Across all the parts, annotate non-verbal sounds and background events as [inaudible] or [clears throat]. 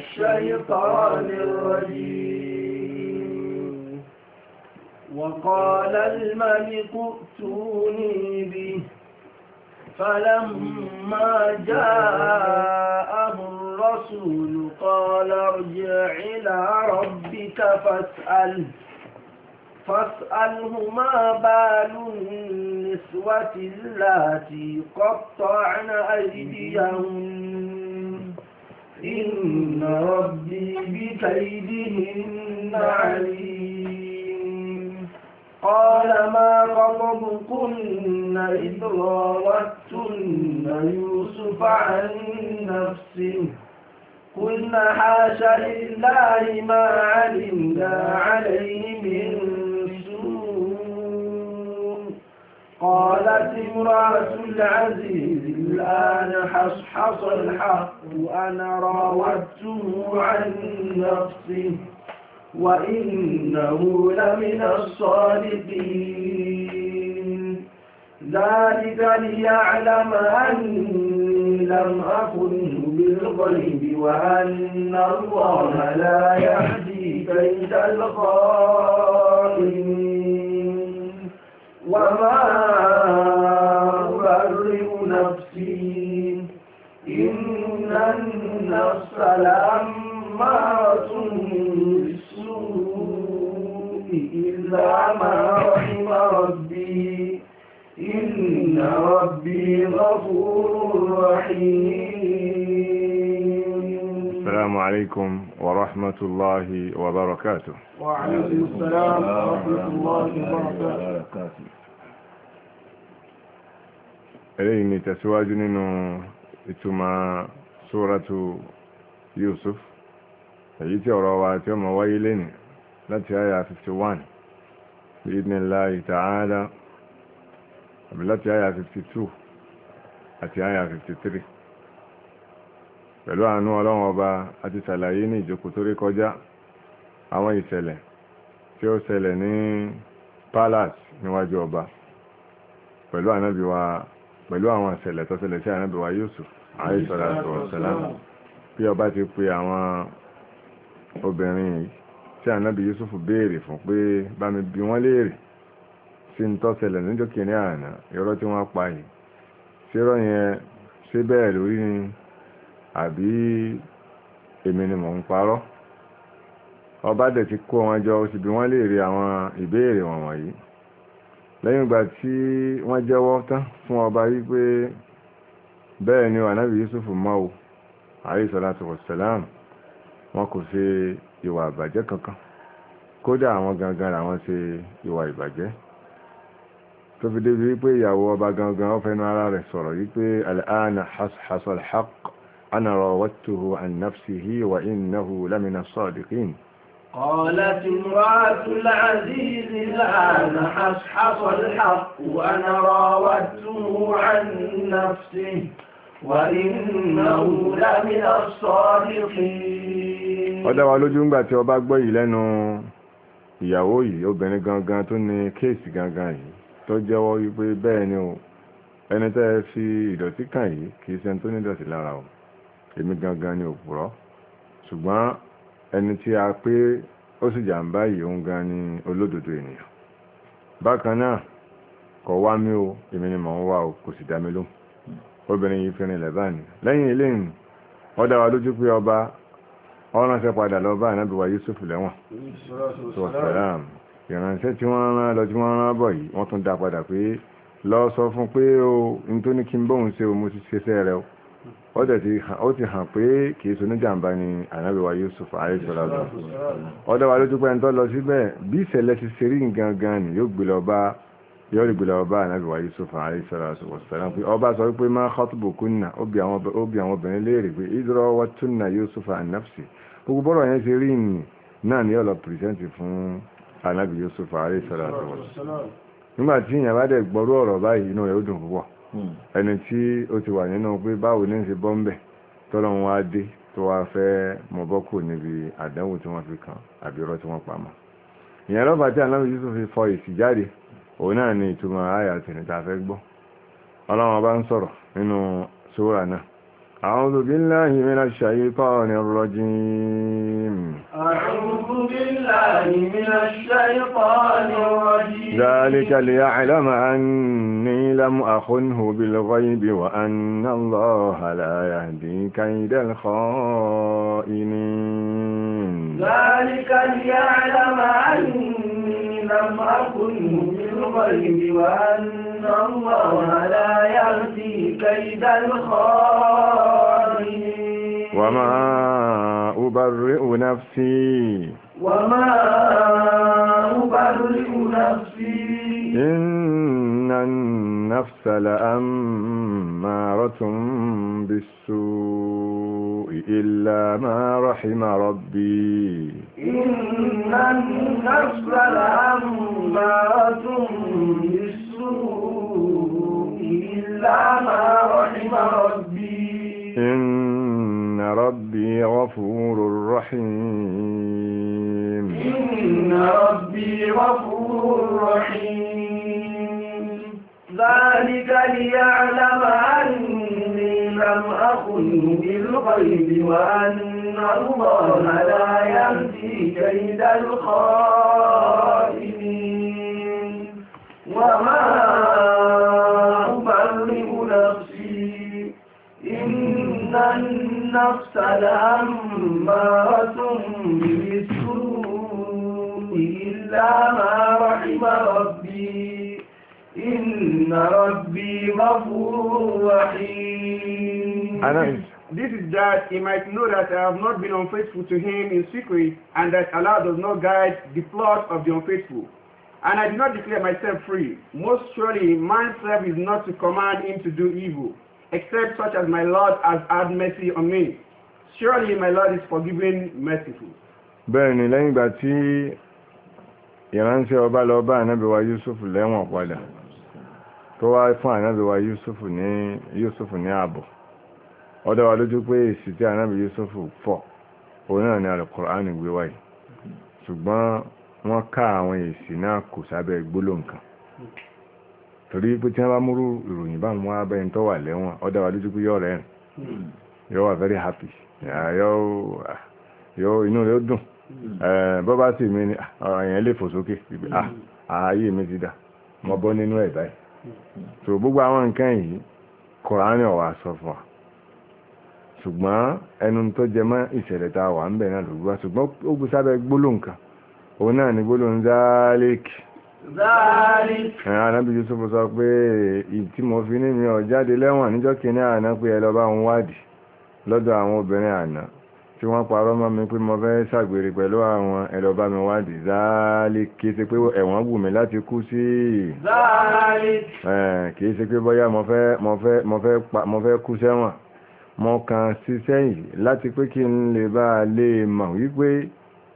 الشيطان الرجيم وقال الملك ائتوني به فلما جاءه الرسول قال ارجع إلى ربك فاسأله فاسأله ما بال النسوة اللاتي قطعن أيديهن إن ربي بكيدهن عليم قال ما خطبكن إذ راوتن يوسف عن نفسه قلنا حاش لله ما علمنا عليه من قالت امرأة العزيز الآن حصحص الحق أنا راودته عن نفسه وإنه لمن الصادقين ذلك ليعلم أني لم أكن بالغيب وأن الله لا يهدي كيد الخائنين وما أبرئ نفسي إن النفس لأمارة بالسوء إلا ما رحم ربي إن ربي غفور رحيم السلام عليكم ورحمة الله وبركاته وعليكم السلام ورحمة الله وبركاته eléyìí ni tẹ̀síwájú nínú ìtumọ̀ sóràtù Yusuf èyí tí ọ̀rọ̀ wa tí ó mọ̀ wáyé lẹ́nì láti àyà 51 bí idnillahi ta'ala àbí láti àyà 52 àti àyà 53 pẹ̀lú àánú ọlọ́run ọba àti sàlàyé ní ìjókòó tó rí kọjá àwọn ìṣẹ̀lẹ̀ tí ó ṣẹlẹ̀ ní palace níwájú ọba pẹ̀lú ànábì pẹ̀lú àwọn ìṣẹ̀lẹ̀ tó ṣẹlẹ̀ sí ànábì wa Yusuf àìsàràtọ̀ ṣẹlẹ̀mù bí ọba ti pe àwọn obìnrin yìí tí ànábì Yusuf béèrè fún pé bá mi bi wọ́n léèrè sí ń tó ṣẹlẹ̀ níjọ́ kìíní àná irọ́ tí wọ́n pa yìí ṣérọ́ yẹn ṣé bẹ́ẹ̀ lórí ni àbí èmi ni mò ń parọ́ ọba dẹ̀ ti kó wọn jọ ó sì bi wọ́n léèrè àwọn ìbéèrè wọ̀nyí lẹ́yìn ìgbà tí wọ́n jẹ́wọ́ tán fún ọba wípé bẹ́ẹ̀ ni ànábì Yusuf mọ́ o alayhi salatu wassalam wọn kò ṣe ìwà ìbàjẹ́ kankan kódà àwọn gangan làwọn ṣe ìwà ìbàjẹ́ tó fi débi wípé ìyàwó ọba gangan ọfẹnu ara rẹ̀ sọ̀rọ̀ wípé al'ana hasal haqq ana rawattuhu an wa innahu lamina sadiqin قالت امرأة العزيز الآن حصحص الحق وأنا راودته عن نفسه وإنه لمن الصادقين ó dá wa lójú ńgbà tí ìyàwó yìí obìnrin gangan tó ní kéèsì gangan yìí tó jẹ́wọ́ wípé bẹ́ẹ̀ ni o ẹni tẹ́ ẹ fi ìdọ̀tí kàn yìí kìí ṣe tó ní ìdọ̀tí lára o èmi gangan ni òpùrọ́ ṣùgbọ́n ẹni tí a pé ó sì jàǹbá yìí òun gan ni olódodo ènìyàn bákan náà kọ̀ wá mí o èmi ni mò ń wá o kò sì dá mi lóhùn obìnrin yìí fi rinlẹ̀ báyìí lẹ́yìn ilé ìrìn ó dá wa lójú pé ọba ọ̀ránṣẹ́ padà lọ bá ànábì wa Yusuf lẹ́wọ̀n tó sàlám ìránṣẹ́ tí wọ́n rán lọ tí wọ́n rán bọ̀ yìí wọ́n tún dá padà pé lọ sọ fún pé o n tó ní kí n bóun ṣe o mo ti ṣe iṣẹ́ rẹ o ó dẹ̀ ti hàn pé kìí sọ níjàmbá ni ànábíwá Yusuf àríṣọ́lájọ́ ó dá wa lójú pé ẹni tó lọ síbẹ̀ bí ìṣẹ̀lẹ̀ ti ṣe rí gangan ni yóò gbé ọba ànábíwá Yusuf àríṣọ́lájọ́ wọ̀sán pé ọba sọ wípé máa kunna ó bí àwọn obìnrin léèrè pé ìdúró wọ́n Yusuf ànáfsì gbogbo bọ́rọ̀ yẹn ṣe rí ni náà ni Yusuf àríṣọ́lájọ́ wọ̀sán nígbà tí ìyàn bá dẹ̀ gbọ́rú ọ̀rọ̀ báyìí inú rẹ̀ ó dùn púpọ̀ Hmm. ẹni tí ó ti wà nínú pé báwo ní ṣe bọ́m̀bẹ̀ tọ́lọ́run wá dé tó wá fẹ́ mọ̀bọ́kù níbi àdánwò tí wọ́n fi kàn àbí irọ́ tí wọ́n pa mọ́ ìyẹn lọ́ba tí aláwọ̀ yusuf fi fọ èsì jáde òun náà ni ìtumọ̀ àyà tẹ̀lé tá a fẹ́ gbọ́ ọlọ́run ọba ń sọ̀rọ̀ nínú sóra náà أعوذ بالله من الشيطان الرجيم أعوذ بالله من الشيطان الرجيم ذلك ليعلم أني لم أخنه بالغيب وأن الله لا يهدي كيد الخائنين ذلك ليعلم أني لم وأن الله لا كيد وما أبرئ نفسي وما أبرئ نفسي إن النفس لأمارة بالسوء إلا ما رحم ربي إن النفس الأمارة بالسوء إلا ما رحم ربي إن ربي غفور رحيم إن ربي غفور رحيم ذلك ليعلم أن لم أخنه بالغيب وأن الله لا يهدي كيد الخائنين وما أبرئ نفسي إن النفس لأمارة بالسوء إلا ما رحم ربي إن ربي غفور رحيم This is that he might know that I have not been unfaithful to him in secret and that Allah does not guide the plot of the unfaithful. And I did not declare myself free. Most surely, myself is not to command him to do evil, except such as my Lord has had mercy on me. Surely my Lord is forgiving, merciful. Bẹ́ẹ̀ni, lẹ́yìn ìgbà tí ìránṣẹ́ ọba lọ bá ànábíwa Yusuf lẹ́wọ̀n padà tó wá fún ànábíwa Yusuf ní ààbò ó wa lójú pé èsì tí Yusuf fọ̀ òun náà ni Al-Qur'an gbé wáyé ṣùgbọ́n wọ́n ká àwọn èsì náà kò sábẹ́ gbólóhùn Tori torí pé tí wọ́n bá múrú ìròyìn bá mú abẹ́ tó wà lẹ́wọ̀n wa lójú pé bọ́ bá sì ah, lè fò ààyè ah, mi ti dà mo bọ́ nínú ẹ̀ báyìí gbogbo àwọn nǹkan yìí kọ̀ránì ọ̀wà sọ ṣùgbọ́n ẹnu tó jẹ mọ́ ìṣẹ̀lẹ̀ tá a wà ń bẹ̀ náà lògbà ṣùgbọ́n ó gbé sábẹ́ sọ pé ìtí mo fi ní mi ọ̀ jáde lẹ́wọ̀n níjọ́ kìíní bá wádìí àwọn obìnrin àná tí wọ́n parọ́ mọ́ mi pé mo fẹ́ ṣàgbèrè pẹ̀lú àwọn ẹ̀lọ́ bá mi wádìí záàlì kìí ṣe pé ẹ̀wọ̀n wù mí láti kú sí záàlì kìí ṣe pé bóyá mo fẹ́ kú sẹ́wọ̀n mo kàn ṣiṣẹ́ yìí láti pé kí n lè bá a lè mọ̀ wípé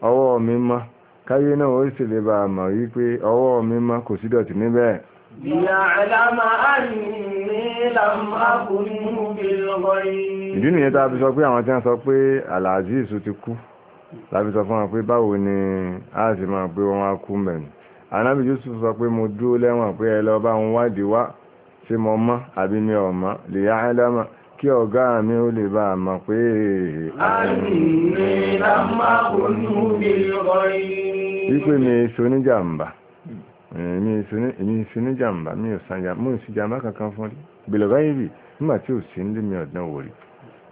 ọwọ́ mi mọ́ káyé náà ó sì lè bá a mọ̀ wípé ọwọ́ mi mọ́ kò sí dọ̀tí níbẹ̀. ليعلم أني لم أكن بالغيب ìdí nìyẹn tá a fi sọ pé àwọn tí wọ́n sọ pé Al-Aziz ti kú láti sọ fún wọn pé báwo ni a sì máa pé wọ́n á kú mẹ́rin anábì Yusuf sọ pé mo dúró lẹ́wọ̀n pé ẹ lọ bá wọn wádìí wá ṣé mo mọ́ àbí mi ò mọ́ lè yá ẹ lọ́mọ kí ọ̀gá mi ó lè bá a mọ̀ pé wípé mi èso níjàmbá eh, mi èso níjàmbá mi ò sànjàmbá kankan fún rí bèlọ̀gáyìí nígbà tí ò sí nílé mi ọ̀dán wò rí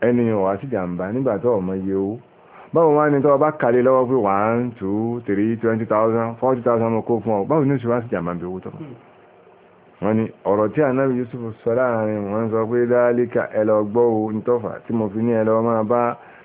ẹni wà sí jàǹbá nígbà tó ọmọ iye owó báwo wá ní tọ́ bá kàlé lọ́wọ́ pé one two three twenty thousand forty thousand mo kó fún ọ báwo ní oṣù wá sí jàǹbá bí owó tọ́ hmm. wọ́n ní ọ̀rọ̀ tí ànábì Yusuf sọ láàrin wọ́n sọ pé dáálíkà ẹlọgbọ́ o nítọ́fà tí mo fi ní ẹlọ máa bá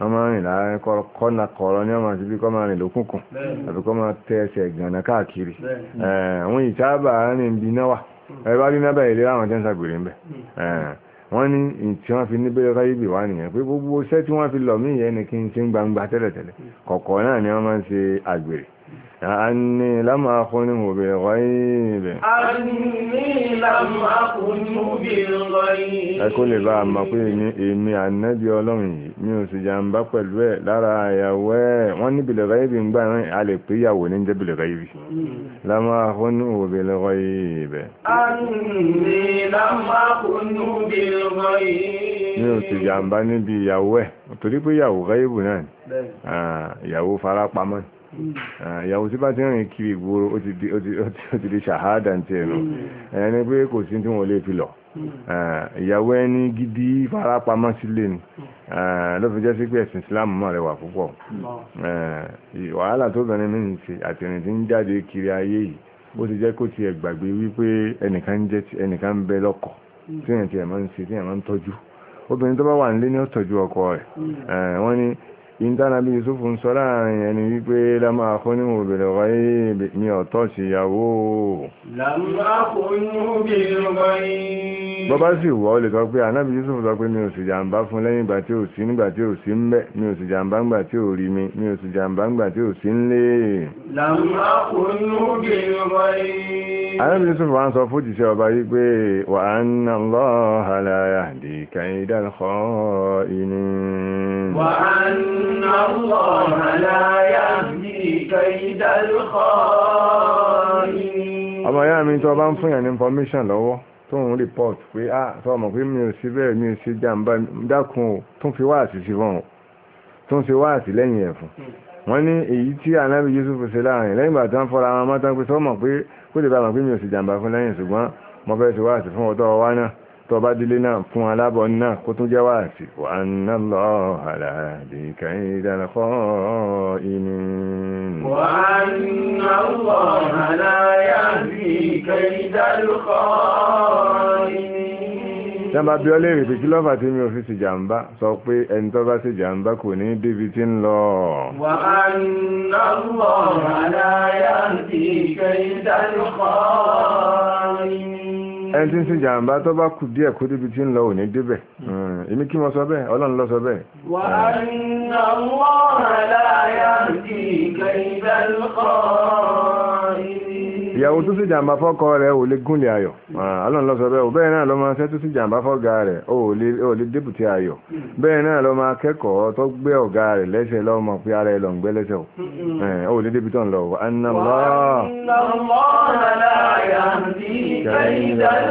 ọmọrin láàrin kọ́nà kọ̀ọ̀rọ̀ ní ọmọ síbí kọ́ máa rìn lókùnkùn àbí kọ́ máa tẹ́ ẹsẹ̀ gànà káàkiri àwọn ìsáàbà rìn bí náwà ìlera àwọn tẹ́ǹsà gbèrè ń bẹ̀ hmm. wọ́n ní tí wọ́n fi níbẹ̀rẹ̀ nìyẹn pé gbogbo iṣẹ́ tí wọ́n fi lọ̀ mí ni kí n ń gbangba tẹ́lẹ̀tẹ́lẹ̀ hmm. náà ni wọ́n máa ń ṣe àgbèrè أني لم أخنه بالغيب أني لم أخنه بالغيب أكل بقى ما قيل إمي النبي ọlọ́run mi ò sì jàǹbá pẹ̀lú ẹ̀ lára àyàwó ẹ̀ wọ́n ní bìlẹ̀ gáìbì ń gbà rán a lè pé ìyàwó ní jẹ́ bìlẹ̀ gáìbì lámà fún òbílẹ̀ gáìbì mi ò sì jàǹbá níbi ìyàwó ẹ̀ torí pé ìyàwó gáìbì náà ah, ìyàwó farapamọ́ ni Ah, ìyàwó tí bá ti rìn kiri ìgboro ó ti di ṣàhádà ti ẹnu hmm. ẹni pé kò sí tí wọ́n lè fi lọ hmm. ah, ìyàwó ẹni gidi farapamọ́ sílé ni hmm. ah, lọ́fẹ́ jẹ́ sí pé ẹ̀sìn Islam mọ́ rẹwà púpọ̀ eh, wàhálà tó bẹ̀rẹ̀ mí ti àtìrìn tí ń jáde kiri ayé yìí bó ti jẹ́ kó ti ẹ̀ gbàgbé wípé ẹnìkan ń bẹ lọ́kọ tí ẹ̀ ti ẹ̀ máa ń ṣe tí ẹ̀ máa ń tọ́jú obìnrin tó bá wà nílé ní ó ọkọ rẹ̀ eh, wọ́n ní ìntànà bí Yusuf ń sọ láàrin ẹni wípé lámà fún ní obìnrin wáyé ní ọ̀tọ̀ sí ìyàwó bọ́bá sì wọ́ ó lè sọ pé anábi Yusuf sọ pé mi ò sì jàǹbá fún lẹ́yìn ìgbà tí ò sí nígbà tí ò sí ń bẹ̀ mi ò sì jàǹbá ńgbà tí ò rí mi mi ò sì jàǹbá ńgbà tí ò sí ń lé anábi Yusuf wá ń sọ fún jìṣẹ́ ọba yí wà á ń nà lọ́ọ̀hálà yahdi kaidal kha'inin wà á ń إن الله لا يهدي كيد الخائنين ọmọ يا مين tó bá ń fún yàn ní information lọ́wọ́ tó ń report pé ah tó ọmọ pé mi ò sí bẹ́ẹ̀ mi ò sí jàǹbá dákun o tó ń fi wáàsí sí fún o tó ń ṣe wáàsí lẹ́yìn ẹ̀ fún wọ́n ní èyí tí anábì Yusuf ṣe láàrin lẹ́yìn ìgbà tó ń fọ́ra wọn mọ́tán pé sọ́mọ̀ pé kó lè bá mọ̀ pé mi ò sí jàǹbá fún lẹ́yìn ṣùgbọ́n mo fẹ́ ṣe wáàsí fún ọ̀tọ̀ wa náà tó bá dílé náà fún alábọ̀ náà kó tún jẹ́ wà sí wà ná lọ àlà bí kẹ́yìn ìdánakọ́ inú wà ná lọ àlà yá bí kẹ́yìn ìdánakọ́ inú tẹ́mbà bí ọ léèrè pé sọ pé ẹni tó bá ṣìjàmbá kò ní débi tí ń lọ. wà á ná lọ bí kẹ́yìn ìdánakọ́ inú ẹni tí ń sin jàǹbá tó bá kù díẹ̀ kó débi tí ń lọ òní débẹ̀ hmm, èmi kí mo sọ bẹ́ẹ̀ ọlọ́run ló sọ bẹ́ẹ̀. wà á ní àwọn ọ̀rẹ́ láyà ìyàwó tó sì jàǹbá fọ́kọ rẹ̀ ò lè gúnlẹ̀ ayọ̀ hmm. ah, ọlọ́run bẹ́ẹ̀ bẹ́ẹ̀ náà lọ máa ṣẹ́ tó sì jàǹbá fọ́gá rẹ̀ ò lè débùtì ayọ̀ hmm. bẹ́ẹ̀ náà lọ máa kẹ́kọ̀ọ́ tó gbé ọ̀gá rẹ̀ lẹ́sẹ̀ lọ́mọ pé ara ẹ̀ lọ ń gbé lẹ́sẹ̀ hmm. eh, ò lè débi tó lọ anna Allah la yahdi kaida al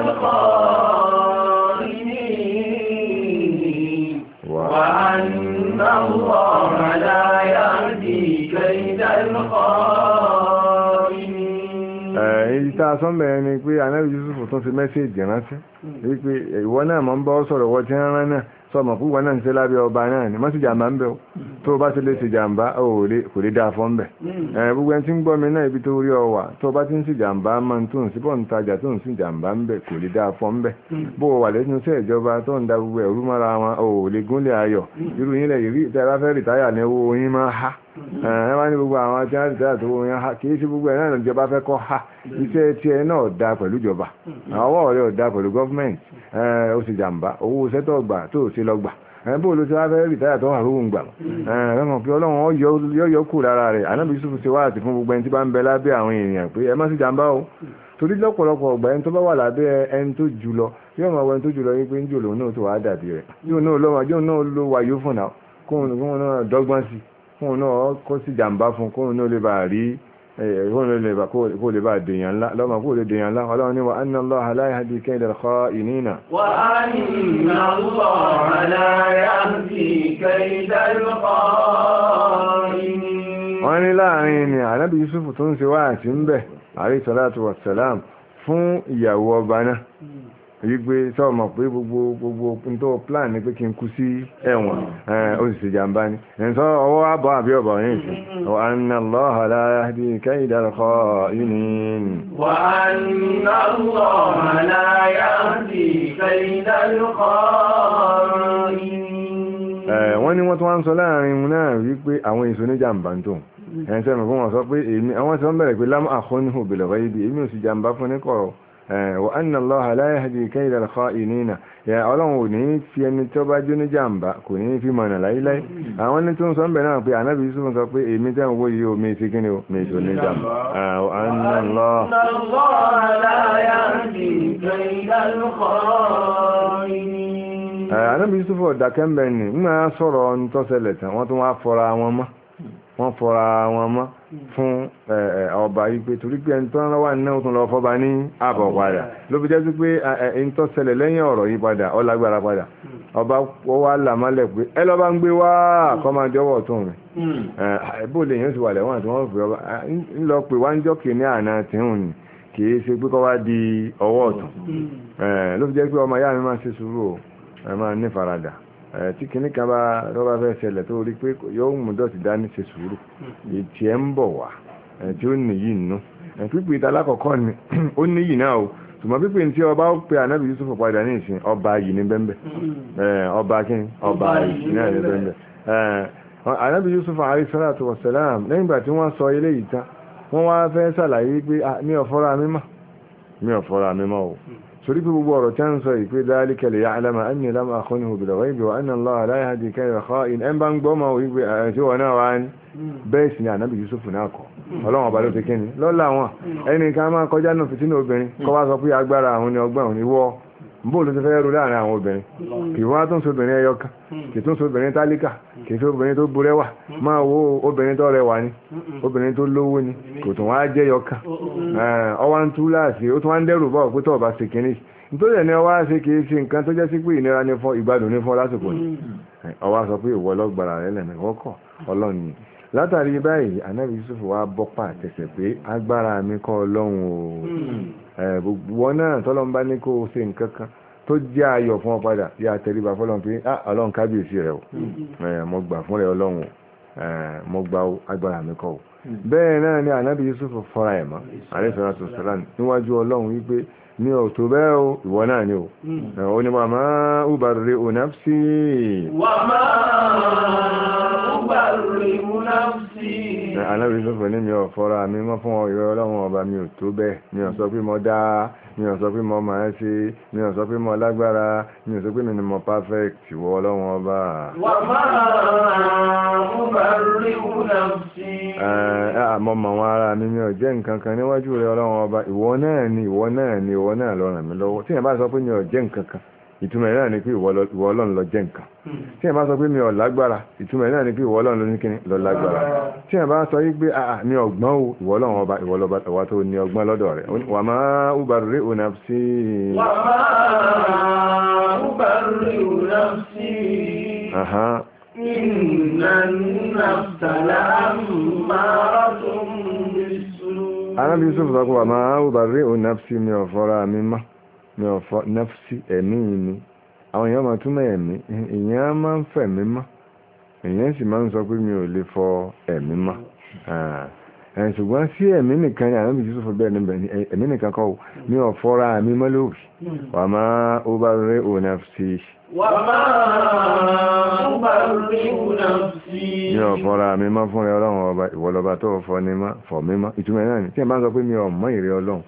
èyí tá a sọ mẹ́rin ni pé anábì Yusuf tún fi mẹ́sẹ̀jì ránṣẹ́ wípé ìwọ náà mọ́ ń bọ́ sọ̀rọ̀ wọ́n ti ń rán náà sọmọ púpọ̀ náà ń ṣe lábẹ́ ọba náà ni má jàmbá ń bẹ̀ ó tó o bá ti lè ṣe jàmbá ò lè kò lè dáa fọ́n bẹ̀ hmm. gbogbo ẹni tí ń gbọ́ mi náà ibi tó rí ọ wà tó o bá ti ń ṣe jàmbá máa ń tó ń síbọ̀ ń tajà tó ń ṣe jàmbá ń bẹ̀ kò lè dáa fọ́n bẹ̀ hmm. bó o wà lẹ́nu sí ìjọba tó ń da gbogbo ẹ̀rú mọ́ra wọn ò lè gúnlẹ̀ ayọ̀ hmm. irú yín lẹ̀ yìí tẹ́ bá fẹ́ rìtáyà ní owó yín máa há ẹ wá ní gbogbo àwọn tí wọ́n ti tẹ́lẹ̀ tó wọ́n yẹn ha kì í sí gbogbo ẹ̀ náà ní ìjọba fẹ́ kọ́ ha iṣẹ́ tí náà dá pẹ̀lú ìjọba ọwọ́ rẹ̀ ò dá pẹ̀lú gọ́fúmẹ̀ntì ó sì jàǹbá owó sẹ́tọ̀ gbà tó ò sí lọ gbà bó ló ti wá fẹ́ rìtáyà tó wà lóhùn gbà ẹ̀rọ pé ọlọ́run ọyọ kù lára rẹ̀ anábì Yusuf ṣe wá àti fún gbogbo ẹni tí bá ń bẹ lábẹ́ àwọn èèyàn pé ẹ má sì jàǹbá o torí lọ́pọ̀lọpọ̀ ọgbà ẹni tó bá wà lábẹ́ ẹni tó jù lọ yóò máa wọ ẹni tó jù lọ yí pé ń jò lòun náà tó wàá dàbí rẹ̀ yóò náà lọ́wọ́ yóò náà lo wàyó fún náà kóun náà dọ́gbọ́n sí i kóun náà kó sí jàǹbá fún kóun náà lè bá rí kó lè bá dèyàn ńlá lọ́mọ kó lè dèyàn ńlá ọlọ́run ní wa anna Allaha la yahdi kaydal wọ́n ní láàrin ni ànábì Yusuf tó ń ṣe wáàtí ń bẹ̀ alayhi salatu wassalam fún ìyàwó ọba náà wípé sọ́ọ̀mọ̀ pé gbogbo gbogbo tó plan ni pé kí n kú sí ẹ̀wọ̀n ó sì ṣe jàǹbá ni ẹ̀sọ́ ọwọ́ àbọ̀ àbí ọ̀bọ̀ yìí sí ọ̀hánà lọ́hàlá bí kẹ́yìdà kọ́ yìí ni. wàhánà lọ́hàlá yá sí kẹ́yìdà kọ́ yìí ni. wọ́n ní wọ́n tún wá ń sọ láàrin náà wípé àwọn èso ní jàǹbá tó mm-hmm. ẹ̀sẹ̀ mọ̀ fún wọn sọ pé èmi àwọn sọ ń bẹ̀rẹ̀ pé lámọ́ àkọ́ni òbèlè wáyé bí èmi ò sì jàǹbá fún ní kọ̀rọ̀ Eh, wa anna allaha la yahdi kayda al-kha'inina ya Ọlọ́hun ní fi ẹni tó bá jù ní jàǹbá kò ní fi mọ̀nà láí láí àwọn ni tún sọ nbe náà pé Ànábì Yusuf sọ pé èmi te wo yi o mi ti kíni o mi so ní jàǹbá eh, wa anna allaha la yahdi kayda al-kha'inina eh, Ànábì Yusuf o da kan be ni ma sọ̀rọ̀ n tó ṣẹlẹ̀ tán wọ́n tún wá fora wọn mọ́ wọ́n fọ́ra wọn mọ́ fún ọba wípé torí pé ẹni tó ń náà ní ààbọ̀ padà ló fi jẹ́ sí pé ẹni lẹ́yìn ọ̀rọ̀ yìí padà ọlágbára padà ọba wá làmálẹ̀ pé ẹ lọ́ba ń gbé wà lẹ́wọ̀n ń lọ wá kọ́ wá di ọwọ́ ọ̀tún mm. ló fi pé ọmọ mi máa ṣe tí kìíní kan bá rọ́bà fẹ́ ṣẹlẹ̀ tó rí pé yóò mú dọ̀tí dání ṣe sùúrù ètì ẹ̀ ń bọ̀ wá tí ó nìyí nù pípé ìta alákọ̀ọ́kọ́ ni [clears throat] ó nìyí náà o ṣùgbọ́n pípé tí ọba ó pe ànábì Yusuf padà ní ìsìn bembe yìí ní bẹ́ńbẹ́ hmm. ọba kí ni ọba yìí náà ní bẹ́ńbẹ́ ànábì Yusuf alayhi salatu wa salam lẹ́yìn ìgbà tí wọ́n sọ eléyìí tán wọ́n wá fẹ́ ṣàlàyé pé mi ò fọ́ra mi mọ́ mi ò fọ́ra mi mọ́ o hmm torí pé gbogbo ọ̀rọ̀ tán sọ ìpé dhalika liya'lama anni lam akhunhu bil ghaibi wa anna Allaha la yahdi kayda kha'in ẹn bá ń gbọ́ ma wípé àti wọn náà wá ní bẹ́ẹ̀ sì ni ànábì Yusuf náà kọ ọlọ́wọ́n ọba ló ti kí ni lọ́la wọn ẹnì kan máa kọjá náà fìtínà obìnrin kọ́ wá sọ pé agbára àwọn ni ọgbọ́n òní wọ́ bóòlù ti fẹ́ rú láàrin àwọn obìnrin kì wá tó ń so obìnrin ẹyọkan kì tó ń so obìnrin tálíkà kì tó obìnrin tó burẹ́wà máa wo obìnrin tó rẹwà ni obìnrin tó lówó ni kò tún wá jẹ́ yọkan ọwá ń tú láàṣì ó tún wá ń dẹ́rù bá òkú tọ̀ọ̀bá sí kínní nítorí ẹni ọwá ṣe kì í ṣe nǹkan tó jẹ́ sí pé ìnira ní fún ìgbádùn ní fún lásìkò ni ọwá sọ pé ìwọ ọlọ́gbàrà rẹ lẹ́mẹ̀kọ́kọ́ ọlọ́run ni látàrí báyìí anábì Yusuf wá bọ́pà tẹ̀sẹ̀ pé agbára mi kọ́ ọlọ́run o Eh, wọn náà tọ́lọ́n bá ní kó o ṣe nǹkan kan tó jẹ́ ayọ̀ fún ọ padà yà tẹríba fọlọ́n pé ah ọlọ́run kábíyèsí rẹ o mm-hmm. eh, mo gbà fún rẹ ọlọ́run o eh, mo gbà o agbára mi kọ́ o mm-hmm. bẹ́ẹ̀ náà ni ànábì Yusuf fọ́ra ẹ̀ mọ́ àríṣàlá tó sọ́lá níwájú ọlọ́run wípé ní ọ̀tọ̀ bẹ́ẹ̀ o ìwọ náà ni o mm-hmm. ó ní wàmá ubarri o nafsi wàmá ubarri o anábì sọ́fọ̀ ní mi ò fọ́ra mi mọ́ fún ọ̀yọ́ ọlọ́run ọba mi ò tó bẹ́ẹ̀ mi ò sọ pé mo dá mi ò sọ pé mo máa ń ṣe mi ò sọ pé mo lágbára mi ò sọ pé mi ni mo perfect wọ ọlọ́run ọba. wà máa mú bàrí wúlà sí. ẹ àmọ́ mọ̀ wọn ara mi mi ò jẹ́ nǹkan kan níwájú rẹ ọlọ́run ọba ìwọ náà ni ìwọ náà ni ìwọ náà lọ ràn mí lọ́wọ́ tí yẹn bá sọ pé mi ò jẹ́ nǹkan kan ìtumọ̀ náà ni pé ìwọ ọlọ́run ló jẹ́ nǹkan hmm. tí ẹ̀ bá sọ pé mi ò lágbára ìtumọ̀ náà ni pé ìwọ ọlọ́run ló ní kíni ló lágbára tí ẹ̀ bá sọ yí pé àà mi ọ̀gbọ́n o ìwọ ọlọ́run ọba ìwọ ọba tó ní ọgbọ́n lọ́dọ̀ rẹ̀ wà má ubarri'u nafsi. wà má ubarri'u nafsi. inna an-nafsa la'ammaratun bis-su'. arábí sọ́fù sọ́kù wà má ubarri'u nafsi mi ọ̀fọ́ra mi máa ní ọ̀fọ́ nafsi ẹ̀mí ni àwọn èèyàn máa túmọ̀ ẹ̀mí èèyàn máa ń fẹ̀mí mọ́ èèyàn sì máa ń sọ pé mi ò lè fọ ẹ̀mí mọ́ ṣùgbọ́n sí ẹ̀mí nìkan ni àwọn ìjísọ́fọ́ bẹ́ẹ̀ ní ẹ̀mí nìkan kọ́ ní ọ̀fọ́ra àmì mọ́lòwì wà máa ó bá rẹ̀ ò nafsi wà máa ó bá rẹ̀ ò nafsi ní ọ̀fọ́ra àmì mọ́ fún rẹ̀ ọlọ́run ọba ìwọlọba tó fọ́ mímọ́ ìtumẹ̀ náà ni tí ẹ bá ń sọ pé mi ò mọ̀ ìrẹ́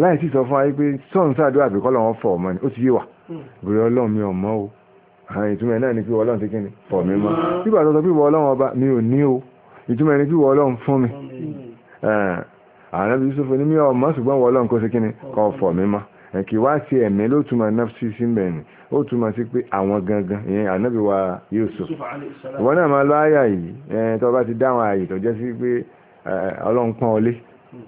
láì sí sọ fún ayé pé sọ́ọ̀n sàdúrà bí kọ́lọ̀ wọn fọ̀ ọmọ ni ó ti yé wa hmm. ìbèrè ọlọ́run mi ò mọ́ o àwọn ìtumọ̀ ẹ̀ náà ni pé wọ́n ọlọ́run ti kí ni fọ̀ mi mọ́ hmm. bíbà sọ pé wọ́n ọlọ́run ọba mi ò ní o ìtumọ̀ ẹ̀ ni pé wọ́n ọlọ́run fún mi hmm. ànábì Yusuf ní mi ò mọ́ ṣùgbọ́n wọ́n ọlọ́run kó ṣe kí ni kọ́ fọ̀ mi mọ́ kì wá sí ẹ̀mí ló túmọ̀ nafsi sí mẹ́rin ó túmọ̀ sí pé àwọn gangan ìyẹn ànábì wa Yusuf ìwọ náà máa lọ àyà yìí tó bá ti dáhùn àyè tó jẹ́ sí pé ọlọ́run pọ́n ọlé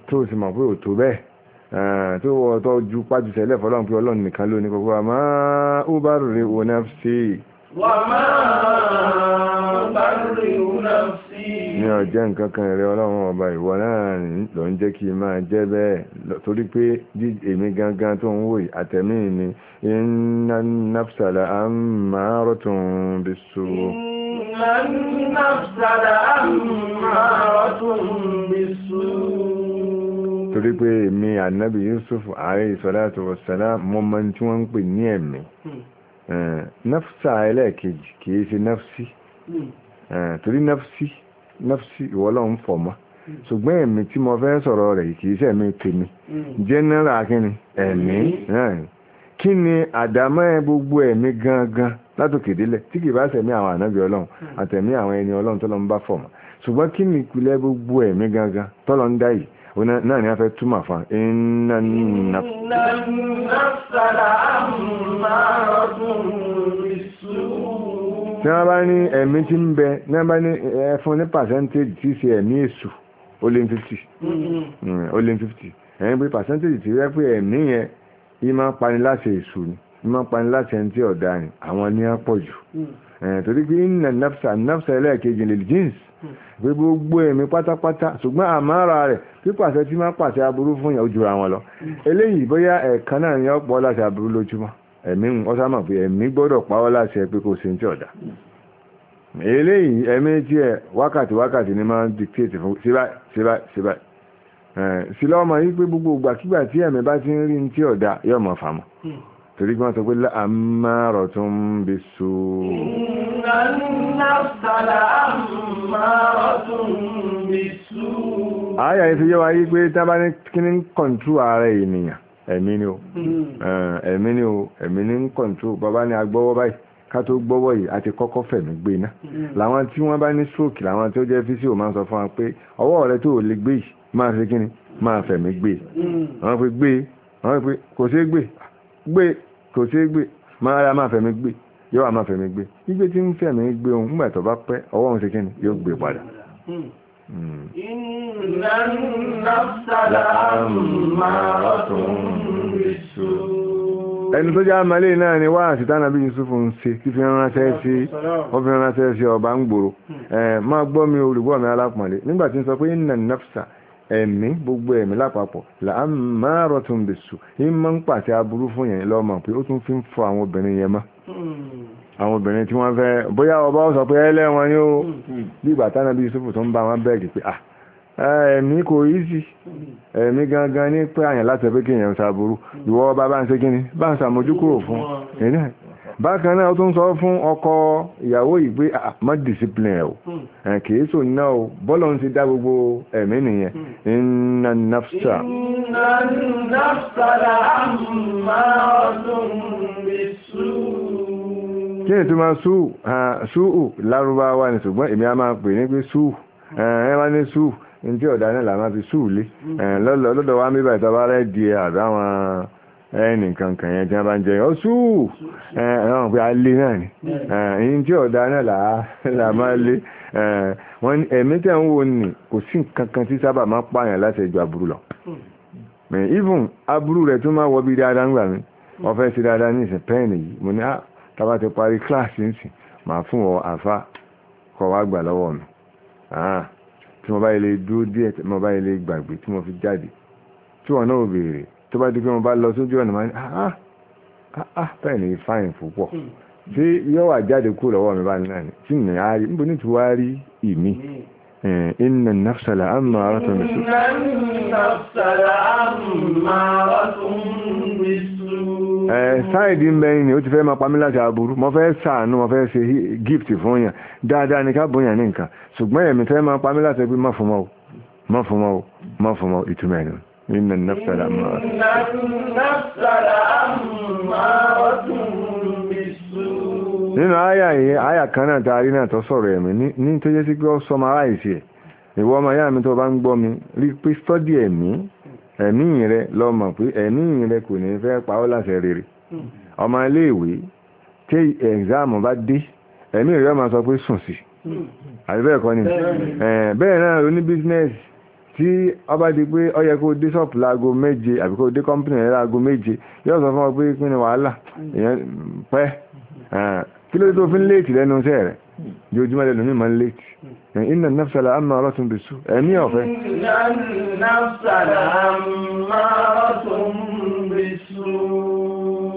tó sì mọ̀ pé ò tó bẹ́ẹ̀ Eh, tó wọ́n tó ju pájú tẹ̀lẹ̀ fọ́lọ́n pé ọlọ́run nìkan ló ní gbogbo àmá ó bá rèé wọ náà sí ní ọjẹ́ nǹkan kan rẹ̀ ọlọ́run ọba ìwọ náà lọ ń jẹ́ kí máa jẹ́ bẹ́ẹ̀ torí pé èmi gangan tó ń wò àtẹ̀mí mi iná náfsàlà á máa rọ̀tún bí so Ìlànà ìnáfsàdà àmì àrọ̀tún bí sùúrù torí pé èmi ànábì Yusuf alayhi salatu wassalam mọ́ mọ́ tí wọ́n ń pè ní ẹ̀mí hmm. eh, nafsa ẹlẹ́ẹ̀kejì kìí ṣe nafsi hmm. eh, torí nafsi nafsi ìwọ́lọ́hún fọ̀mọ́ hmm. ṣùgbọ́n ẹ̀mí tí mo fẹ́ sọ̀rọ̀ rẹ̀ kìí ṣe ẹ̀mí tèmi general kíni ẹ̀mí eh, kí ni àdámọ́ gbogbo ẹ̀mí gangan látòkè délẹ̀ tí kìí bá ṣẹ̀mí àwọn ànábì ọlọ́run àtẹ̀mí àwọn ẹni ọlọ́run tọ́lọ́ ń bá fọ̀mọ́ ṣùgbọ́n kí ni ìpìlẹ̀ gbogbo ẹ̀mí gangan tọ́lọ́ ń dá yìí náà ni a fẹ́ túmọ̀ fún iná nínú tí wọ́n bá ní ẹ̀mí tí ń bẹ ní wọ́n bá ní ẹfún ní pàṣẹ́ntéèjì tí ṣe ẹ̀mí èṣù ó lé 50 mm-hmm. mm, ó lé 50 ẹ̀yìn pé pàṣẹ́ntéèjì tí rẹ́ pé ẹ̀mí yẹn yí máa ń pani láṣẹ èṣù ni yí máa ń pani láṣẹ ẹni tí ọ̀daràn àwọn ní á pọ̀ jù mm. torí pé iná nafsa nafsa ẹlẹ́ẹ̀kejì lè jíǹsì pé gbogbo ẹ̀mí pátápátá ṣùgbọ́n àmàrà rẹ̀ pípàṣẹ tí máa pàṣẹ aburú fún yàn ojúra wọn lọ eléyìí bóyá ẹ̀ẹ̀kan náà ni ọ̀pọ̀ láṣẹ aburú lójúmọ́ ẹ̀mí ń ọ́sámọ̀ pé ẹ̀mí gbọ́dọ̀ pawọ́ láṣẹ pé kò sí ní tí ọ̀dà eléyìí ẹ̀mí tí ẹ̀ wákàtí wákàtí ni máa ń dictate fún síbáì síbáì síbáì sílọ́mọ yìí pé gbogbo ìgbàkígbà tí ẹ̀mí bá ti ń rí ní ọ̀dà yóò mọ̀ fàmọ́ torí gbọ́n sọ pé láàmàrọ̀ tó ń bí so ààyà ìfẹ́ yẹ́ wáyé pé tábá ní kí ní kọ̀ntú ààrẹ ènìyàn hmm. ẹ̀mí ni o ẹ̀mí ni o ẹ̀mí ní kọ̀ntú bàbá ní agbọ́wọ́ báyìí ká tó gbọ́wọ́ yìí àti kọ́kọ́ fẹ̀mí gbé iná hmm. làwọn tí wọ́n bá ní stroke làwọn tí ó jẹ́ físíò máa sọ fún wa pé ọwọ́ rẹ tó lè gbé yìí máa ṣe kí ni máa fẹ̀mí gbé àwọn hmm. pé gbé àwọn pé kò ṣeé gbé gbé kò sí gbé máa ra máa fẹ̀mí gbé yóò wà máa fẹ̀mí gbé gbígbé tí ń fẹ̀mí gbé ohun nígbà tó bá pẹ́ ọwọ́ òun ṣe kí ni yóò gbé padà. Hmm. ẹni tó jẹ́ amalé náà ni wá àṣìtánà bí Yusuf ń ṣe kí fi ránṣẹ́ sí wọ́n fi ránṣẹ́ sí ọba ń gbòòrò hmm. máa gbọ́ mi olùgbọ́ mi alápọ̀nlé nígbà tí ń sọ pé ìnà nafsa ẹ̀mí gbogbo ẹ̀mí lápapọ̀ láàmárọ̀ tó ń bè sù yín máa ń pàṣẹ aburú fún yẹn lọ́mọ pé ó tún fi ń fọ àwọn obìnrin yẹn mọ́ hmm. àwọn obìnrin tí wọ́n fẹ́ bóyá ọba ó sọ pé ẹlẹ́wọ̀n yóò hmm. bí ìgbà tánà bí Yusufu tó ń bá wọn bẹ́ẹ̀gì pé ah ẹ̀mí kò rí sí hmm. ẹ̀mí gangan ní pé àyàn láti ẹ̀ pé kí èèyàn ṣàbùrú ìwọ ọba bá ń ṣe kí ni bá ń ṣàmójúkúrò fún ẹ̀yìn bákan náà tó ń sọ fún ọkọ ìyàwó yìí pé àmọ́ ah, discipline o hmm. kìí sò ná o bọ́lọ̀ ń ti dá gbogbo ẹ̀mí nìyẹn hmm. inna nafsa. inna nafsa la ammaratun bisu kí ni tó máa súù súù lárúbáwá ni ṣùgbọ́n èmi a máa pè ní pé súù ẹ wá ní súù ní tí ọ̀dá náà là máa fi súù lé hmm. lọ́dọ̀ wá ń bíbà ìtọ́bá rẹ̀ di àdáwọn ẹnìkan kan yẹn tí wọ́n bá ń jẹyàn ọ̀ṣù ẹ̀hàn pé alé náà ni ẹ̀yìn tí ọ̀dá náà là [laughs] máa lé wọ́n ní ẹ̀mí tẹ̀ ń wo nì kò sí nǹkan kan tí sábà máa pààyàn láti ẹjọ́ aburú lọ even aburú rẹ̀ tó máa wọ bí dáadáa ń gbà mí wọ́n fẹ́ ṣe dáadáa ní ìsìn pẹ́ẹ̀nì yìí mo ní ah, tábà ti parí kíláàsì ń sìn màá fún ọ àfa kọ wá gbà lọ́wọ́ mi ah, tí mo bá ilé dúró díẹ̀ tí mo bá ilé gbàgbé tí mo fi jáde tí wọn náà béèrè tó bá di pé mo bá lọ sójú ọ̀nà máa ní ah ah, ah ah bẹ́ẹ̀ ni fine púpọ̀ tí hmm. yóò wà jáde kú lọ́wọ́ mi bá ní náà tí nì á níbo ní ti wá rí ìmí hmm. eh, inna Nafsala amma aratun bisu eh, sáìdì ń bẹ́yìn ni ó ti fẹ́ máa pamí láti aburú mo fẹ́ ṣàánú mo fẹ́ ṣe gift fún yàn dáadáa ní ká bóyàn ní nǹkan ṣùgbọ́n èmi fẹ́ máa pamí láti ẹgbẹ́ má fún mọ́ o má fún mọ́ o má fún mọ́ ìtumẹ̀ nìyẹn إن النفس لأمارة nínú àyà yìí àyà kan náà tààrí náà tó sọ̀rọ̀ ẹ̀mí ní tó jẹ́ sí pé ó sọmọ ara ìsì ẹ̀ ìwọ ọmọ ìyá mi tó bá ń gbọ́ mi rí pé stọ́dì ẹ̀mí ẹ̀mí rẹ lọ́mọ pé ẹ̀mí rẹ kò ní fẹ́ pa ọ́ láṣẹ rere ọmọ iléèwé tí ẹ̀gzáàmù bá dé ẹ̀mí rẹ ọmọ sọ pé sùn sí àbí bẹ́ẹ̀ kọ́ ni bẹ́ẹ̀ náà ló bísínẹ́sì tí ọba di pé ó yẹ kó dé ṣọ́ọ̀pù láago méje àbí kó dé kọ́mpìnì rẹ̀ láago méje yóò sọ fún ọ pé kí ni wàhálà èèyàn pẹ́ kí ló dé tó fi ń léètì lẹ́nu iṣẹ́ rẹ̀ jojúmọ́ lẹ́nu mi máa ń léètì iná nafsala amma rọ́tún bí sú ẹ̀mí ọ̀fẹ́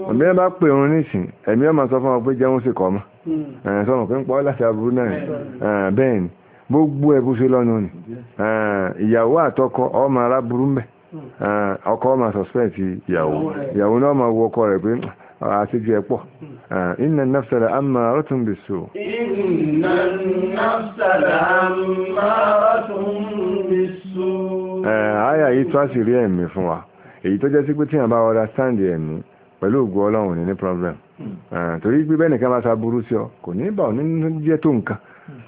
ẹ̀mí ọba pè òun nísìn ẹ̀mí ọmọ sọ fún ọ pé jẹun sí kọ́ mọ́ hmm. ẹ̀sọ́mọ̀ pé ń pọ́ láti aburú náà bẹ́ẹ̀ ni gbogbo ẹ̀ bó ṣe lọ́nu ni ìyàwó àtọkọ ọmọ aráburú mẹ́ hmm. ọkọ ọmọ suspect ìyàwó ìyàwó náà máa wọ ọkọ rẹ̀ pé ah, àti pọ̀ iná a rọ́tún bí so àyà yìí tó àṣì rí ẹ̀mí fún wa èyí tó jẹ́ sí pé tí a bá ọ̀dá sáǹdì ẹ̀mí pẹ̀lú ọlọ́run ní problem hmm. torí pé bẹ́ẹ̀ nìkan bá sa ọ kò ní bà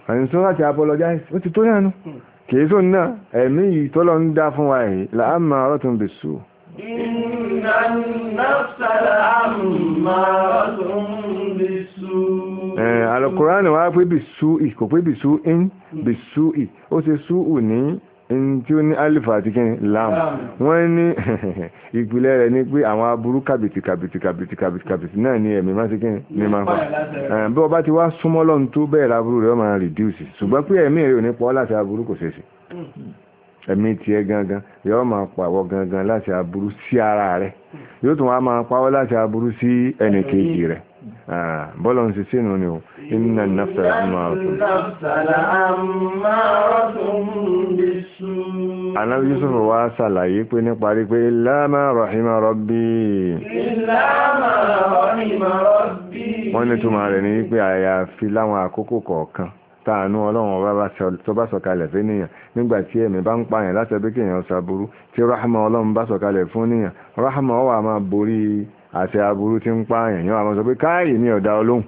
àyìn tó láti apologize ó ti tó yànú kìí sóun náà hmm. ẹ̀mí yìí tó lọ ń dá fún wa yìí làámà ọ̀rọ̀ tó ń bè sùn. Inna nafsa la'amara tó bè sùn alukurani in bisu i ó ṣe su n tí ó ní alif ni lam wọ́n ní [laughs] ìpìlẹ̀ rẹ̀ ní pé àwọn aburú kàbìtì kàbìtì ni máa fà bí ọba ti wá súnmọ́ lọ́n tó bẹ́ẹ̀ aburú rẹ̀ máa reduce ṣùgbọ́n pé ẹ̀mí rẹ̀ ò ní pọ̀ láti aburú kò ṣeé mm-hmm. ẹ̀mí tiẹ̀ gangan yóò máa pàwọ́ gangan láti aburú sí ara rẹ̀ yóò tún wá máa láti aburú sí Ah, bọ́lọ̀ ń sisi nù ni o iná nàfẹ́ àmàrọ̀tún. ala yusuf wa sàlàyé pé ní parí pé ìlàmà rọ̀hìmà rọ̀bí wọ́n ní túnmà rẹ̀ ní pé àyàfi láwọn àkókò kọ̀ọ̀kan ọlọ́run ọba tó bá sọ̀kalẹ̀ fún níyàn nígbàtí ẹ̀mí bá ń pààyàn kèèyàn tí ọlọ́run bá sọ̀kalẹ̀ fún níyàn ọwà máa borí àti aburú tí ń pààyàn yóò àwọn sọ pé káàyè ní ọ̀dá olóhùn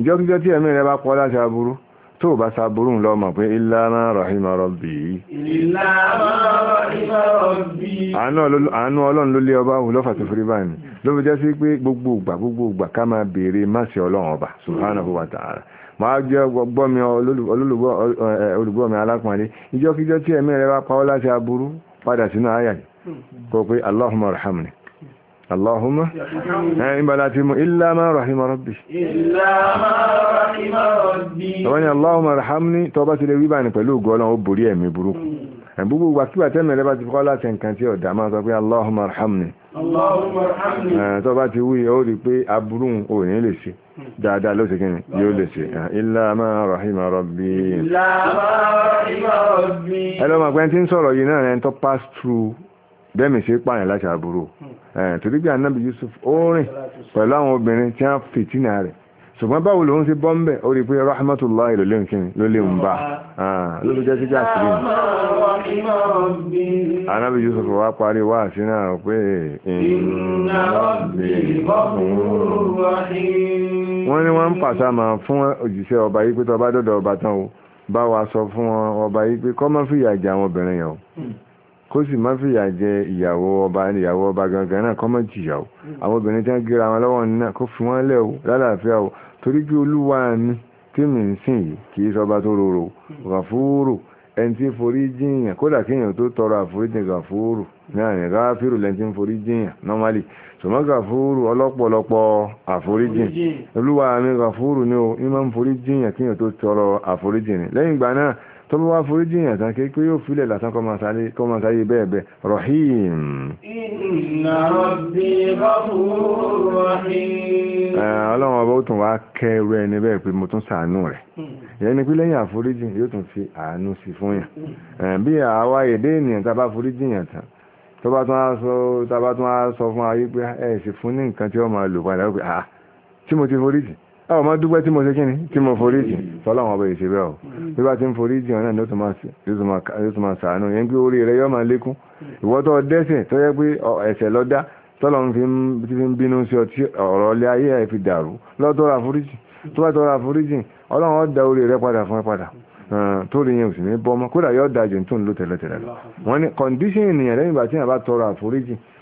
ìjọ́kíjọ́ tí ẹ̀mí rẹ bá kọ́ láti aburú tó bá saburú mọ̀ pé ìlànà rahima rọ̀bì àánú ọlọ́run ló lé ọba wù lọ́fà tó fúrí báyìí ló fi jẹ́ gbogbo ìgbà gbogbo ìgbà ká máa béèrè má sí ọlọ́run ọba subhanahu wa ta'ala máa jẹ́ gbọ́mi olùgbọ́mi alápọ̀nlé ìjọ́kíjọ́ tí ẹ̀mí rẹ bá láti aburú Allahumma ẹ̀yìn bá láti ما illa ربي. rahima rabbi. Illa ma rahima rabbi. Tọ́bá ní Allahumma rahamni tọ́bá ti lè wí báyìí pẹ̀lú ògùn ọlọ́run ó borí ẹ̀mí burúkú. Ẹ̀bùgbù wà kí wà tẹ́mẹ̀lẹ́ bá ti kọ́ láti nǹkan tí ọ̀dà máa sọ pé Allahumma اللهم Allahumma rahamni. Tọ́bá ti wí ó rí pé aburú ò ní lè ṣe dáadáa ló ti kí ni yóò lè ṣe illa ma rahima rabbi. Illa ma rahima rabbi. Ẹ lọ́mọ̀ pẹ́ tí ń sọ̀rọ̀ yìí náà ẹni pass through bẹ́ẹ̀mì ṣe pààyàn láṣà àbúrò torí bí anábì Yusuf ó rìn pẹ̀lú àwọn obìnrin tí wọ́n fìtínà rẹ̀ ṣùgbọ́n báwo lòun ṣe bọ́ ó rí pé rahmatullahi ló léun kíni ló léun bá ló ló jẹ́ sí jáàsìrì anábì Yusuf wá parí wá sí náà pé wọ́n ní wọ́n ń pàṣàmà fún òjìṣẹ́ ọba yìí pé tọba dọ́dọ̀ ọba tán o bá wa sọ fún ọba yìí pé kọ́mọ́ kó sì má fìyà jẹ ìyàwó ọba ìyàwó ọba gangan náà kọ́mọ̀ jìyàwó àwọn obìnrin tí wọ́n gíra wọn fi wọ́n lẹ̀ o lálàáfíà o torí pé olúwa mi tí mi ń sìn yìí kì í sọba tó rorò gàfúrò ẹni tí forí jìyàn kódà kéèyàn tó tọrọ àforíjì gàfúrò náà ní gáfírò lẹni tí ń forí jìyàn normally gàfúrò ọlọ́pọ̀lọpọ̀ olúwa mi gàfúrò ni tó bá wá forí jìyàn tán kí pé yóò fílẹ̀ lásán kọmọsáyé bẹ́ẹ̀bẹ́ rahim inna rabbi ghafurur rahim ọlọ́run ọba ó tún wá kẹrù ẹni bẹ́ẹ̀ pé mo tún sàánú rẹ̀ hmm. ìyẹn ni pé lẹ́yìn àforíjì yóò tún fi àánú sí fún yàn hmm. bí àwa èdè ènìyàn tá bá forí jìyàn tán tó bá tún á sọ fún ayé pé ẹ̀ sì fún ní nǹkan tí ó máa lò padà pé ah tí mo ti forí ọ ma dúpẹ́ tí mo ṣe kíni tí mo forí jì tọ́lá ọba yìí bẹ́ẹ̀ o bí bá ti ń forí jì ọ̀nà ni ó tún máa sàánú yẹn pé orí rẹ yóò máa lékún ìwọ tó dẹ́ṣẹ̀ tó yẹ pé ẹ̀ṣẹ̀ lọ dá tọ́lọ́ fi ń bínú sí ọtí ọ̀rọ̀ ilé ayé ẹ̀ fi dàrú lọ́tọ́ra foríjì tó bá tọ́ra foríjì ọlọ́run ó dá orí rẹ padà fún ẹ padà tó rí yẹn ò sì ní bọ́ ọmọ kódà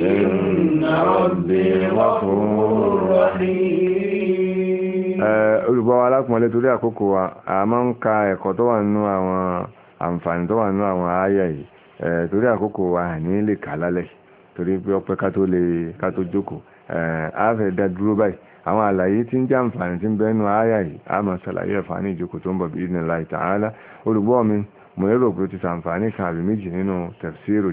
إن ربي غفور رحيم olùgbọ́ alákùnmọ́lé torí àkókò wa a máa ń ka ẹ̀kọ́ tó wà àwọn àǹfààní tó wà àwọn ààyè yìí torí àkókò wa ní lè kà torí pé ọpẹ́ ká tó lè ká tó jókòó a dá dúró báyìí àwọn àlàyé tí ń jẹ́ àǹfààní tí ń ààyè yìí a máa ṣàlàyé ní ìjókòó tó ń bọ̀ bí láì olùgbọ́ mi mo lérò pé ó ti ṣàǹfààní kan àbí méjì nínú tẹ̀síìrò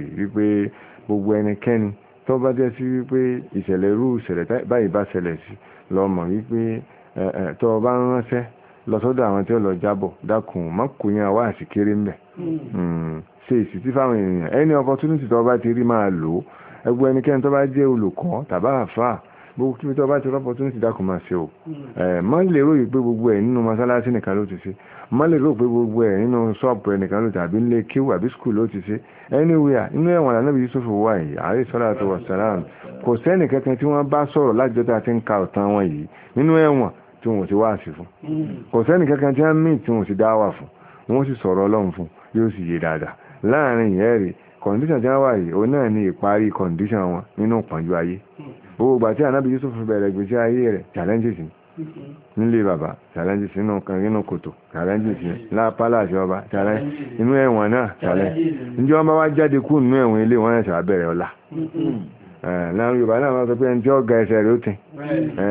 gbogbo ẹnikẹ́ni tó bá jẹ́ sí wípé ìṣẹ̀lẹ̀ irú ìṣẹ̀lẹ̀ báyìí bá ṣẹlẹ̀ sí lọ́mọ wípé tó bá ń ránṣẹ́ lọ sọ́dọ̀ àwọn tí ó lọ jábọ̀ dákun mọ́kùnrin àwa àti kéré ń bẹ̀ hmm. hmm. ṣe ìsìtí fáwọn èèyàn ẹni opportunity tó bá ti rí máa lò ẹgbẹ́ ẹnikẹ́ni tó bá jẹ́ olùkọ́ tàbá àfáà gbogbo kí tó bá ti rọ́pọ̀ tó ń ti dákùn máa ṣe o má lè rò pé gbogbo ẹ̀ nínú mọ́sálásí nìkan ló ti ṣe má lè rò pé gbogbo ẹ̀ nínú ṣọ́ọ̀pù ẹnìkan ló ti àbí nílé kíwù àbí skul ló ti ṣe anywhere inú ẹ̀wọ̀n lànàbí Yusuf wà yìí àárẹ̀ sọ́lá tó wà sàrán kò sẹ́nìkankan tí wọ́n bá sọ̀rọ̀ lájọ́ tá a ti ń ka ọ̀tàn wọn yìí nínú ẹ̀wọ̀n tí wọ́n ti wá sí fún kò sẹ́nìkankan tí wọ́n mí tí wọ́n ti dá wà fún wọ́n sì sọ̀rọ̀ ọlọ́run fún yóò sì yé dáadáa láàrin ìyẹ́rì kọ̀ǹdíṣàn tí wọ́n wà yìí òun náà ni ìparí kọ̀ǹdíṣàn wọn nínú ìpọ́njú ayé gbogbo àti ànábì Yusuf bẹ̀rẹ̀ gbèsè ayé rẹ̀ challenges ni nílé bàbá Challenges sínú kan nínú kòtò challenge sí lápálà sí ọba challenge inú ẹ̀wọ̀n náà challenge ǹjẹ́ ọba wá jáde kú nínú ẹ̀wọ̀n ilé wọn ẹ̀sà bẹ̀rẹ̀ ọ̀la láàrin yorùbá náà wọ́n sọ pé ẹni tí ọ̀gá ẹsẹ̀ rẹ̀ ó tẹ̀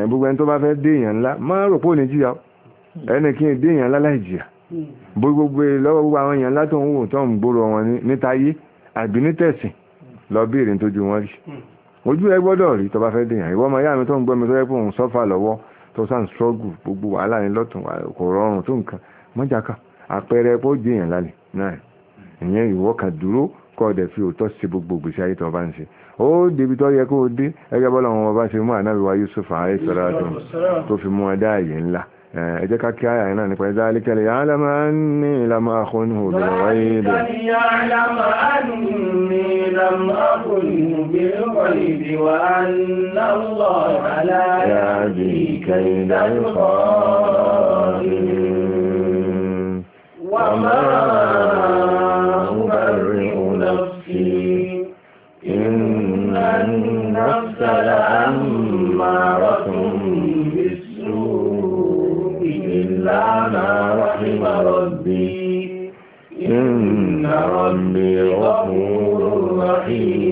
gbogbo ẹni tó bá fẹ́ dé èèyàn ńlá máa rò pé ò ní jìyà hmm. ẹni kí n dé èèyàn ńlá láì jìyà hmm. bó gbogbo lọ́wọ́ gbogbo àwọn èèyàn ńlá tó ń wò tó ń gbòòrò wọn níta yé àbí nítẹ̀sìn lọ bí ìrìn tójú wọn rí hmm ojú ẹ gbọ́dọ̀ rí tó bá fẹ́ dèyàn ìwọ ọmọ ìyá mi tó ń gbọ́mi tó yẹ pé òun sọ́fà lọ́wọ́ tó sàn struggle gbogbo wàhálà ní lọ́tún kò rọrùn tó nǹkan mọ́jàkà àpẹẹrẹ pé ó dèyàn lálẹ́ náà ìyẹn ìwọ kan dúró kọ́ ọ̀dẹ̀ fi òótọ́ sí gbogbo gbèsè ayé tó bá ń ṣe ó débi tó yẹ kó o dé ẹgbẹ́ bọ́lá wọn bá ṣe mú ànábìwá اجك كا انا نقول ذلك ليعلم اني لم اخنه بالغيب ليعلم اني لم اخنه بالغيب وان الله على يدي كيد وما ابرئ نفسي ان النفس لامارة إلا رحم ربي إن ربي غفور رحيم